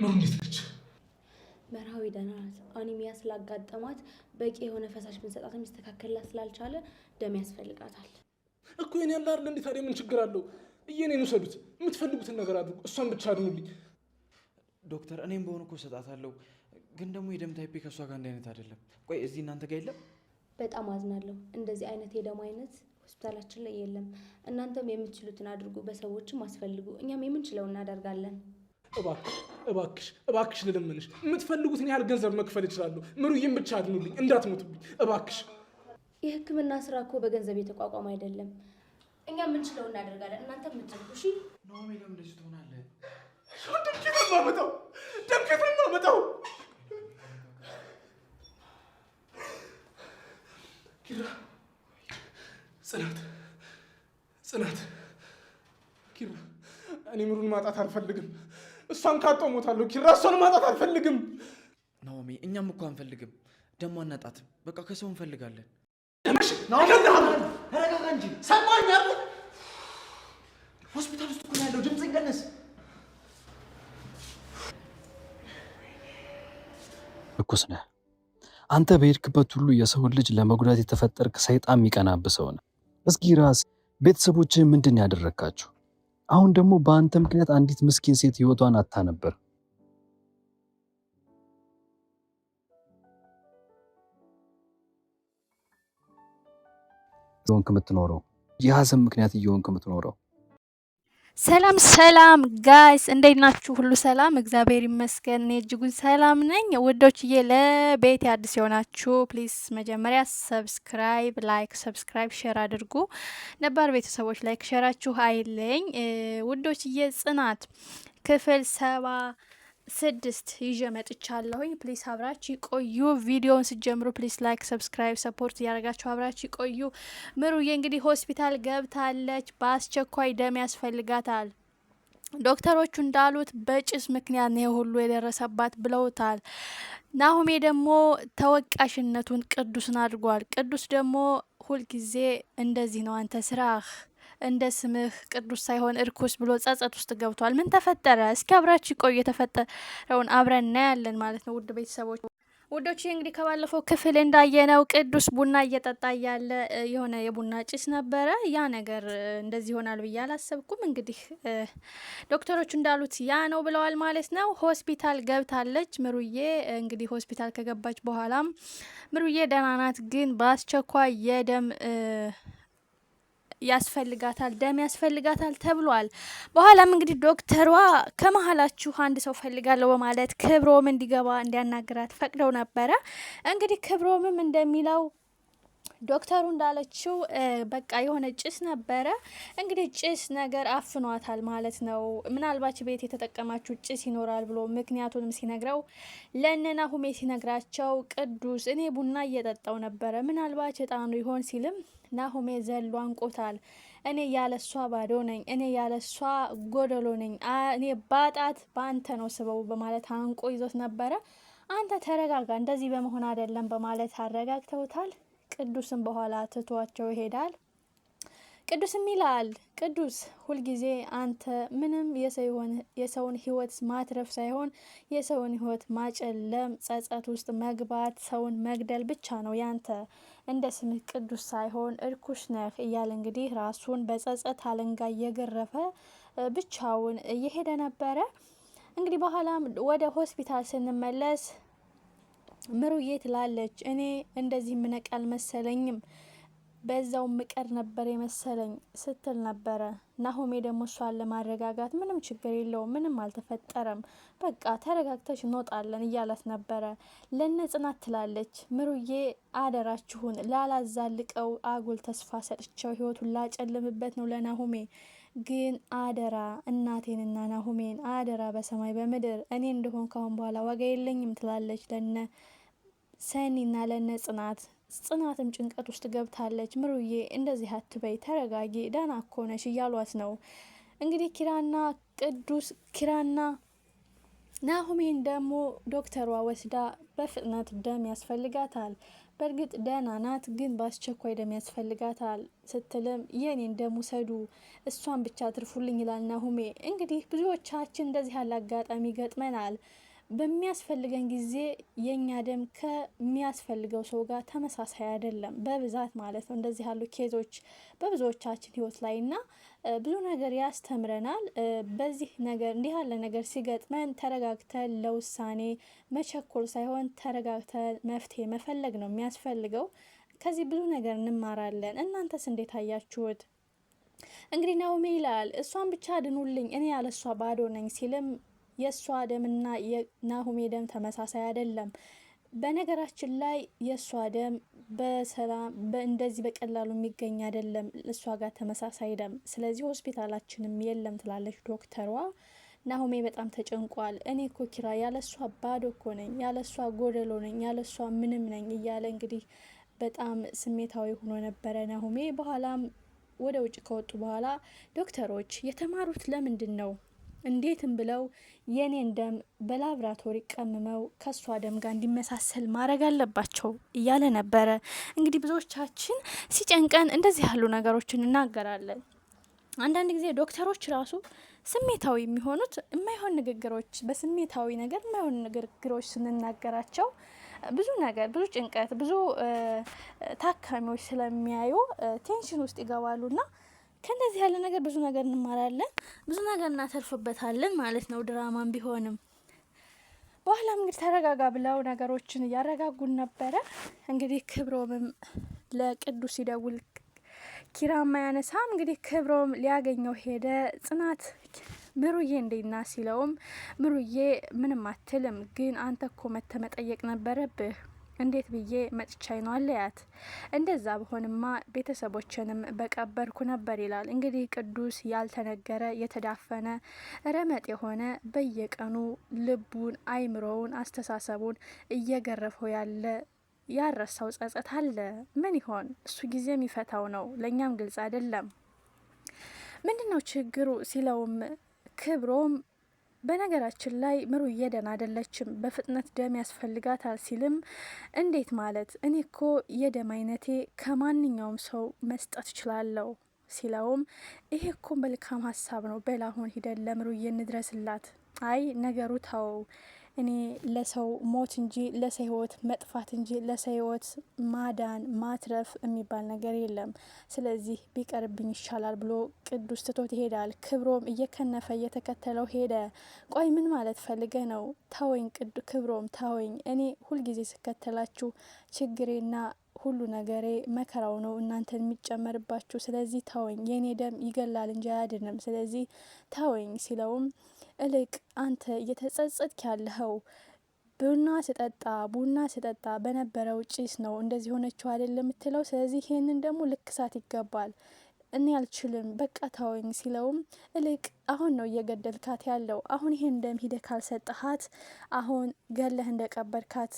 ኑሩ እንዴት ነች? መርሃዊ ደህና ናት። አኒሚያ ስላጋጠማት በቂ የሆነ ፈሳሽ ብንሰጣት የሚስተካከልላት ስላልቻለ ደም ያስፈልጋታል እኮ የኔ ያለ አይደል እንዴ? ምን ችግር አለው? እየኔን ውሰዱት፣ የምትፈልጉትን ነገር አድርጉ፣ እሷን ብቻ አድኑልኝ። ዶክተር እኔም በሆነ እኮ እሰጣታለሁ፣ ግን ደግሞ የደም ታይፔ ከእሷ ጋር እንደ አይነት አይደለም። ቆይ እዚህ እናንተ ጋር የለም? በጣም አዝናለሁ። እንደዚህ አይነት የደም አይነት ሆስፒታላችን ላይ የለም። እናንተም የምትችሉትን አድርጉ፣ በሰዎችም አስፈልጉ፣ እኛም የምንችለው እናደርጋለን። እባክሽ እባክሽ እባክሽ ልለምንሽ፣ የምትፈልጉትን ያህል ገንዘብ መክፈል እችላለሁ። ምሩዬም ብቻ አድኑልኝ፣ እንዳትሞትብኝ እባክሽ። የህክምና ስራ እኮ በገንዘብ የተቋቋመ አይደለም። እኛ የምንችለው እናደርጋለን፣ እናንተ የምትችሉ። እሺ ኖሚ፣ ለምንሽ ትሆናለህ። ደምኬት እናመጣው፣ ደምኬት እናመጣው። ኪራ፣ ጽናት፣ ጽናት፣ ኪራ፣ እኔ ምሩን ማጣት አልፈልግም። እሷን ካጣሁ እሞታለሁ። ኪራ እሷን ማጣት አልፈልግም። ናኦሚ፣ እኛም እኮ አንፈልግም። ደሞ አናጣትም። በቃ ከሰው እንፈልጋለን። ተረጋጋ እንጂ ሰማኝ። ሆስፒታል ውስጥ እኮ ነው ያለው። ድምፅህን ቀንስ። እርኩስ ነህ አንተ። በሄድክበት ሁሉ የሰውን ልጅ ለመጉዳት የተፈጠርክ ሰይጣን የሚቀናብህ ሰው ነህ። እስኪ ራስ ቤተሰቦችህ ምንድን ያደረግካችሁ? አሁን ደግሞ በአንተ ምክንያት አንዲት ምስኪን ሴት ህይወቷን አታ ነበር። እየሆንክ የምትኖረው የሀዘን ምክንያት እየሆንክ የምትኖረው ሰላም ሰላም ጋይስ እንዴት ናችሁ? ሁሉ ሰላም እግዚአብሔር ይመስገን። እጅጉን ሰላም ነኝ ውዶችዬ። ለቤት አዲስ የሆናችሁ ፕሊስ መጀመሪያ ሰብስክራይብ፣ ላይክ፣ ሰብስክራይብ፣ ሼር አድርጉ። ነባር ቤተሰቦች ላይክ ሼራችሁ አይለኝ ውዶችዬ። ጽናት ክፍል ሰባ ስድስት ይዤ መጥቻለሁኝ። ፕሊስ አብራች ቆዩ። ቪዲዮውን ስጀምሩ ፕሊስ ላይክ፣ ሰብስክራይብ፣ ሰፖርት እያደረጋችሁ አብራች ቆዩ። ምሩዬ እንግዲህ ሆስፒታል ገብታለች። በአስቸኳይ ደም ያስፈልጋታል። ዶክተሮቹ እንዳሉት በጭስ ምክንያት ነው ሁሉ የደረሰባት ብለውታል። ናሁሜ ደግሞ ተወቃሽነቱን ቅዱስን አድርጓል። ቅዱስ ደግሞ ሁልጊዜ እንደዚህ ነው አንተ ስራህ እንደ ስምህ ቅዱስ ሳይሆን እርኩስ ብሎ ጸጸት ውስጥ ገብቷል። ምን ተፈጠረ? እስኪ አብራችሁ ቆዩ። የተፈጠረውን አብረን እናያለን ማለት ነው ውድ ቤተሰቦች ውዶች እንግዲህ ከባለፈው ክፍል እንዳየነው ቅዱስ ቡና እየጠጣ ያለ የሆነ የቡና ጭስ ነበረ። ያ ነገር እንደዚህ ይሆናል ብዬ አላሰብኩም። እንግዲህ ዶክተሮቹ እንዳሉት ያ ነው ብለዋል ማለት ነው። ሆስፒታል ገብታለች ምሩዬ። እንግዲህ ሆስፒታል ከገባች በኋላም ምሩዬ ደህና ናት፣ ግን በአስቸኳይ የደም ያስፈልጋታል፣ ደም ያስፈልጋታል ተብሏል። በኋላም እንግዲህ ዶክተሯ ከመሀላችሁ አንድ ሰው ፈልጋለሁ በማለት ክብሮም እንዲገባ እንዲያናግራት ፈቅደው ነበረ። እንግዲህ ክብሮምም እንደሚለው ዶክተሩ እንዳለችው በቃ የሆነ ጭስ ነበረ። እንግዲህ ጭስ ነገር አፍኗታል ማለት ነው። ምናልባች ቤት የተጠቀማችሁ ጭስ ይኖራል ብሎ ምክንያቱንም ሲነግረው ለእነና ሁሜ ሲነግራቸው ቅዱስ እኔ ቡና እየጠጣው ነበረ ምናልባት እጣኑ ይሆን ሲልም ናሆሜ ዘሎ አንቆታል። እኔ ያለሷ ባዶ ነኝ፣ እኔ ያለሷ ጎደሎ ነኝ፣ እኔ ባጣት በአንተ ነው ስበው በማለት አንቆ ይዞት ነበረ። አንተ ተረጋጋ፣ እንደዚህ በመሆን አይደለም በማለት አረጋግተውታል። ቅዱስን በኋላ ትቷቸው ይሄዳል። ቅዱስም ይላል ቅዱስ ሁልጊዜ አንተ ምንም የሰውን ህይወት ማትረፍ ሳይሆን የሰውን ህይወት ማጨለም፣ ጸጸት ውስጥ መግባት፣ ሰውን መግደል ብቻ ነው ያንተ። እንደ ስምህ ቅዱስ ሳይሆን እርኩስ ነህ እያለ እንግዲህ ራሱን በጸጸት አለንጋ እየገረፈ ብቻውን እየሄደ ነበረ። እንግዲህ በኋላም ወደ ሆስፒታል ስንመለስ ምሩዬ ትላለች። እኔ እንደዚህ ምነቅ አልመሰለኝም በዛው ምቀር ነበር የመሰለኝ ስትል ነበረ። ናሆሜ ደግሞ እሷን ለማረጋጋት ምንም ችግር የለውም ምንም አልተፈጠረም፣ በቃ ተረጋግተሽ እንወጣለን እያላት ነበረ። ለነ ጽናት ትላለች ምሩዬ አደራችሁን ላላዛልቀው አጉል ተስፋ ሰጥቸው ህይወቱን ላጨልምበት ነው ለናሆሜ ግን አደራ እናቴንና ናሆሜን አደራ በሰማይ በምድር እኔ እንደሆን ካሁን በኋላ ዋጋ የለኝም ትላለች ለነ ሰኒና ለነ ጽናት ጽናትም ጭንቀት ውስጥ ገብታለች። ምሩዬ እንደዚህ አትበይ፣ ተረጋጊ፣ ደህና እኮ ነሽ እያሏት ነው እንግዲህ ኪራና ቅዱስ ኪራና ናሁሜን ደግሞ ዶክተሯ ወስዳ በፍጥነት ደም ያስፈልጋታል፣ በእርግጥ ደህና ናት፣ ግን በአስቸኳይ ደም ያስፈልጋታል ስትልም የኔን ደም ውሰዱ፣ እሷን ብቻ ትርፉልኝ ይላል ናሁሜ። እንግዲህ ብዙዎቻችን እንደዚህ ያለ አጋጣሚ ገጥመናል። በሚያስፈልገን ጊዜ የእኛ ደም ከሚያስፈልገው ሰው ጋር ተመሳሳይ አይደለም፣ በብዛት ማለት ነው። እንደዚህ ያሉ ኬዞች በብዙዎቻችን ህይወት ላይ እና ብዙ ነገር ያስተምረናል። በዚህ ነገር እንዲህ ያለ ነገር ሲገጥመን ተረጋግተን ለውሳኔ መቸኮል ሳይሆን ተረጋግተን መፍትሄ መፈለግ ነው የሚያስፈልገው። ከዚህ ብዙ ነገር እንማራለን። እናንተስ እንዴት አያችሁት? እንግዲህ ናኦሚ ይላል እሷን ብቻ አድኑልኝ፣ እኔ ያለሷ ባዶ ነኝ ሲልም የእሷ ደምና የናሁሜ ደም ተመሳሳይ አይደለም። በነገራችን ላይ የእሷ ደም በሰላም እንደዚህ በቀላሉ የሚገኝ አይደለም፣ እሷ ጋር ተመሳሳይ ደም። ስለዚህ ሆስፒታላችንም የለም ትላለች ዶክተሯ። ናሁሜ በጣም ተጨንቋል። እኔ እኮ ኪራ ያለሷ ባዶ እኮ ነኝ፣ ያለሷ ጎደሎ ነኝ፣ ያለሷ ምንም ነኝ እያለ እንግዲህ በጣም ስሜታዊ ሆኖ ነበረ ናሁሜ። በኋላም ወደ ውጭ ከወጡ በኋላ ዶክተሮች የተማሩት ለምንድን ነው እንዴትም ብለው የኔን ደም በላብራቶሪ ቀምመው ከእሷ ደም ጋር እንዲመሳሰል ማድረግ አለባቸው እያለ ነበረ። እንግዲህ ብዙዎቻችን ሲጨንቀን እንደዚህ ያሉ ነገሮችን እናገራለን። አንዳንድ ጊዜ ዶክተሮች ራሱ ስሜታዊ የሚሆኑት የማይሆን ንግግሮች፣ በስሜታዊ ነገር የማይሆን ንግግሮች ስንናገራቸው ብዙ ነገር ብዙ ጭንቀት ብዙ ታካሚዎች ስለሚያዩ ቴንሽን ውስጥ ይገባሉና ከእንደዚህ ያለ ነገር ብዙ ነገር እንማራለን፣ ብዙ ነገር እናተርፍበታለን ማለት ነው። ድራማም ቢሆንም በኋላም እንግዲህ ተረጋጋ ብለው ነገሮችን እያረጋጉን ነበረ። እንግዲህ ክብሮምም ለቅዱስ ሲደውል ኪራማ ያነሳም እንግዲህ ክብሮም ሊያገኘው ሄደ። ጽናት ምሩዬ እንዴና ሲለውም ምሩዬ ምንም አትልም፣ ግን አንተ እኮ መተ መጠየቅ ነበረብህ እንዴት ብዬ መጥቻይ ነው አለያት። እንደዛ በሆንማ ቤተሰቦችንም በቀበርኩ ነበር ይላል። እንግዲህ ቅዱስ ያልተነገረ የተዳፈነ ረመጥ የሆነ በየቀኑ ልቡን፣ አይምሮውን፣ አስተሳሰቡን እየገረፈው ያለ ያረሳው ጸጸት አለ። ምን ይሆን እሱ ጊዜ የሚፈታው ነው። ለእኛም ግልጽ አይደለም። ምንድን ነው ችግሩ ሲለውም ክብሮም በነገራችን ላይ ምሩ የደን አይደለችም፣ በፍጥነት ደም ያስፈልጋታል ሲልም እንዴት ማለት እኔ እኮ የደም አይነቴ ከማንኛውም ሰው መስጠት እችላለሁ ሲለውም ይሄ እኮ መልካም ሀሳብ ነው፣ በላሁን ሂደን ለምሩ እንድረስላት። አይ ነገሩ ተው እኔ ለሰው ሞት እንጂ ለሰው ህይወት መጥፋት እንጂ ለሰው ህይወት ማዳን ማትረፍ የሚባል ነገር የለም። ስለዚህ ቢቀርብኝ ይሻላል ብሎ ቅዱስ ትቶት ይሄዳል። ክብሮም እየከነፈ እየተከተለው ሄደ። ቆይ ምን ማለት ፈልገ ነው? ታወኝ ክብሮም ታወኝ እኔ ሁልጊዜ ስከተላችሁ ችግሬና ሁሉ ነገሬ መከራው ነው እናንተን የሚጨመርባችሁ። ስለዚህ ታወኝ የእኔ ደም ይገላል እንጂ አያድንም። ስለዚህ ታወኝ ሲለውም እልቅ አንተ እየተጸጸትክ ያለኸው ቡና ስጠጣ ቡና ስጠጣ በነበረው ጭስ ነው እንደዚህ ሆነችው አይደል የምትለው። ስለዚህ ይህንን ደግሞ ልክሳት ይገባል። እኔ አልችልም በቃ ታወኝ ሲለውም እልቅ አሁን ነው እየገደልካት ያለው። አሁን ይሄን ደም ሂደ ካልሰጠሃት አሁን ገለህ እንደቀበርካት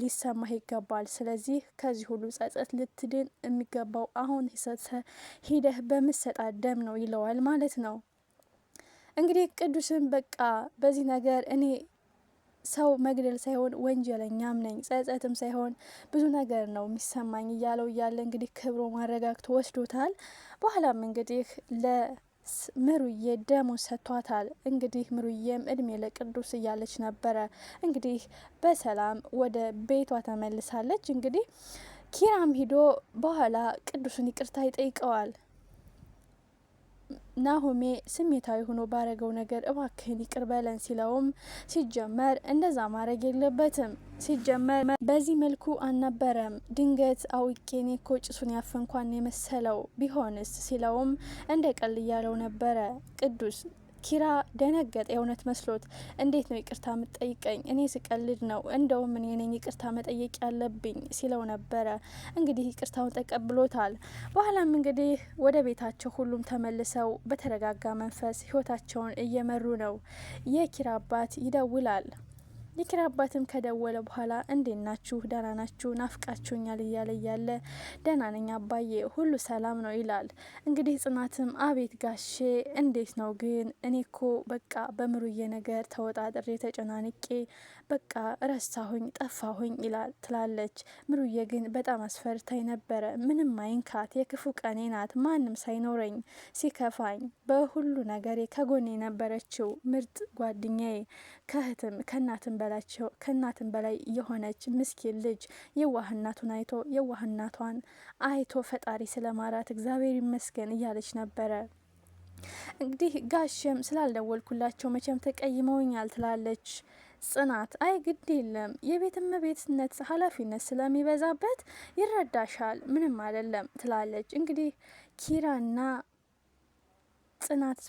ሊሰማህ ይገባል። ስለዚህ ከዚህ ሁሉ ጸጸት ልትድን የሚገባው አሁን ሂደህ በምሰጣት ደም ነው ይለዋል ማለት ነው። እንግዲህ ቅዱስን በቃ በዚህ ነገር እኔ ሰው መግደል ሳይሆን ወንጀለኛም ነኝ፣ ጸጸትም ሳይሆን ብዙ ነገር ነው የሚሰማኝ እያለው እያለ እንግዲህ ክብሮ ማረጋግቶ ወስዶታል። በኋላም እንግዲህ ለምሩዬ ደሙን ሰጥቷታል። እንግዲህ ምሩዬም እድሜ ለቅዱስ እያለች ነበረ። እንግዲህ በሰላም ወደ ቤቷ ተመልሳለች። እንግዲህ ኪራም ሂዶ በኋላ ቅዱስን ይቅርታ ይጠይቀዋል። ናሆሜ ስሜታዊ ሆኖ ባረገው ነገር እባክህን ይቅር በለን ሲለውም ሲጀመር እንደዛ ማድረግ የለበትም ሲጀመር በዚህ መልኩ አልነበረም። ድንገት አውቄ እኔ እኮ ጭሱን ያፈንኳን የመሰለው ቢሆንስ ሲለውም እንደ ቀል እያለው ነበረ ቅዱስ ኪራ ደነገጠ። የእውነት መስሎት እንዴት ነው ይቅርታ የምጠይቀኝ? እኔ ስቀልድ ነው፣ እንደውም እኔ ነኝ ይቅርታ መጠየቅ ያለብኝ ሲለው ነበረ። እንግዲህ ይቅርታውን ተቀብሎታል። በኋላም እንግዲህ ወደ ቤታቸው ሁሉም ተመልሰው በተረጋጋ መንፈስ ህይወታቸውን እየመሩ ነው። የኪራ አባት ይደውላል። የኪራ አባትም ከደወለ በኋላ እንዴት ናችሁ? ደህና ናችሁ? ናፍቃችሁኛል እያለ እያለ ደህና ነኝ አባዬ፣ ሁሉ ሰላም ነው ይላል። እንግዲህ ጽናትም አቤት ጋሼ፣ እንዴት ነው ግን? እኔ ኮ በቃ በምሩዬ ነገር ተወጣጥሬ ተጨናንቄ በቃ ረሳሁኝ፣ ጠፋሁኝ ይላል ትላለች። ምሩዬ ግን በጣም አስፈርታኝ ነበረ። ምንም አይንካት፣ የክፉ ቀኔ ናት። ማንም ሳይኖረኝ ሲከፋኝ በሁሉ ነገሬ ከጎኔ የነበረችው ምርጥ ጓደኛዬ ከህትም ከእናትም በላይ የሆነች ምስኪን ልጅ የዋህናቱን አይቶ የዋህናቷን አይቶ ፈጣሪ ስለማራት እግዚአብሔር ይመስገን እያለች ነበረ። እንግዲህ ጋሽም ስላልደወልኩላቸው መቼም ተቀይመውኛል ትላለች። ጽናት አይ ግድ የለም የቤት እመቤትነት ኃላፊነት ስለሚበዛበት ይረዳሻል፣ ምንም አይደለም ትላለች። እንግዲህ ኪራና ጽናት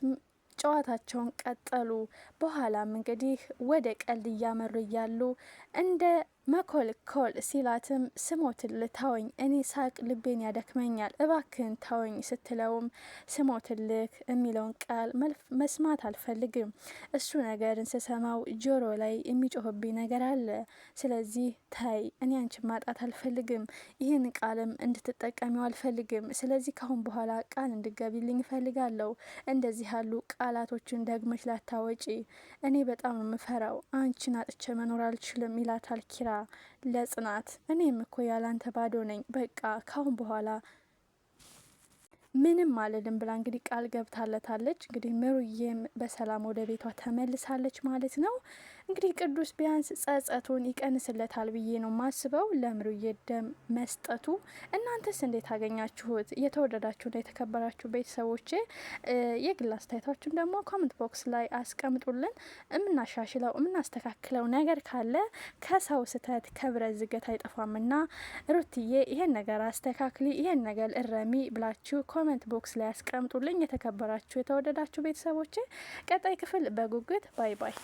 ጨዋታቸውን ቀጠሉ። በኋላም እንግዲህ ወደ ቀልድ እያመሩ እያሉ እንደ መኮልኮል ሲላትም ስሞትል ታወኝ፣ እኔ ሳቅ ልቤን ያደክመኛል፣ እባክን ታወኝ ስትለውም ስሞትልክ የሚለውን ቃል መስማት አልፈልግም። እሱ ነገርን ስሰማው ጆሮ ላይ የሚጮህብኝ ነገር አለ። ስለዚህ ታይ፣ እኔ አንቺን ማጣት አልፈልግም፣ ይህን ቃልም እንድትጠቀሚው አልፈልግም። ስለዚህ ካሁን በኋላ ቃል እንድገቢልኝ እፈልጋለሁ። እንደዚህ ያሉ ቃላቶችን ደግመች ላታወጪ፣ እኔ በጣም የምፈራው አንቺን አጥቼ መኖር አልችልም ይላታል ኪራ ለጽናት እኔም እኮ ያላንተ ባዶ ነኝ፣ በቃ ካሁን በኋላ ምንም አልልም ብላ እንግዲህ ቃል ገብታለታለች። እንግዲህ ምሩዬም በሰላም ወደ ቤቷ ተመልሳለች ማለት ነው። እንግዲህ ቅዱስ ቢያንስ ጸጸቱን ይቀንስለታል ብዬ ነው ማስበው። ለምሩዬ ደም መስጠቱ እናንተስ እንዴት አገኛችሁት? የተወደዳችሁና የተከበራችሁ ቤተሰቦቼ የግል አስተያየታችሁን ደግሞ ኮመንት ቦክስ ላይ አስቀምጡልን። የምናሻሽለው የምናስተካክለው ነገር ካለ ከሰው ስህተት ከብረት ዝገት አይጠፋምና ሩትዬ ይሄን ነገር አስተካክሊ፣ ይሄን ነገር እረሚ ብላችሁ ኮመንት ቦክስ ላይ አስቀምጡልኝ። የተከበራችሁ የተወደዳችሁ ቤተሰቦቼ ቀጣይ ክፍል በጉጉት ባይ ባይ።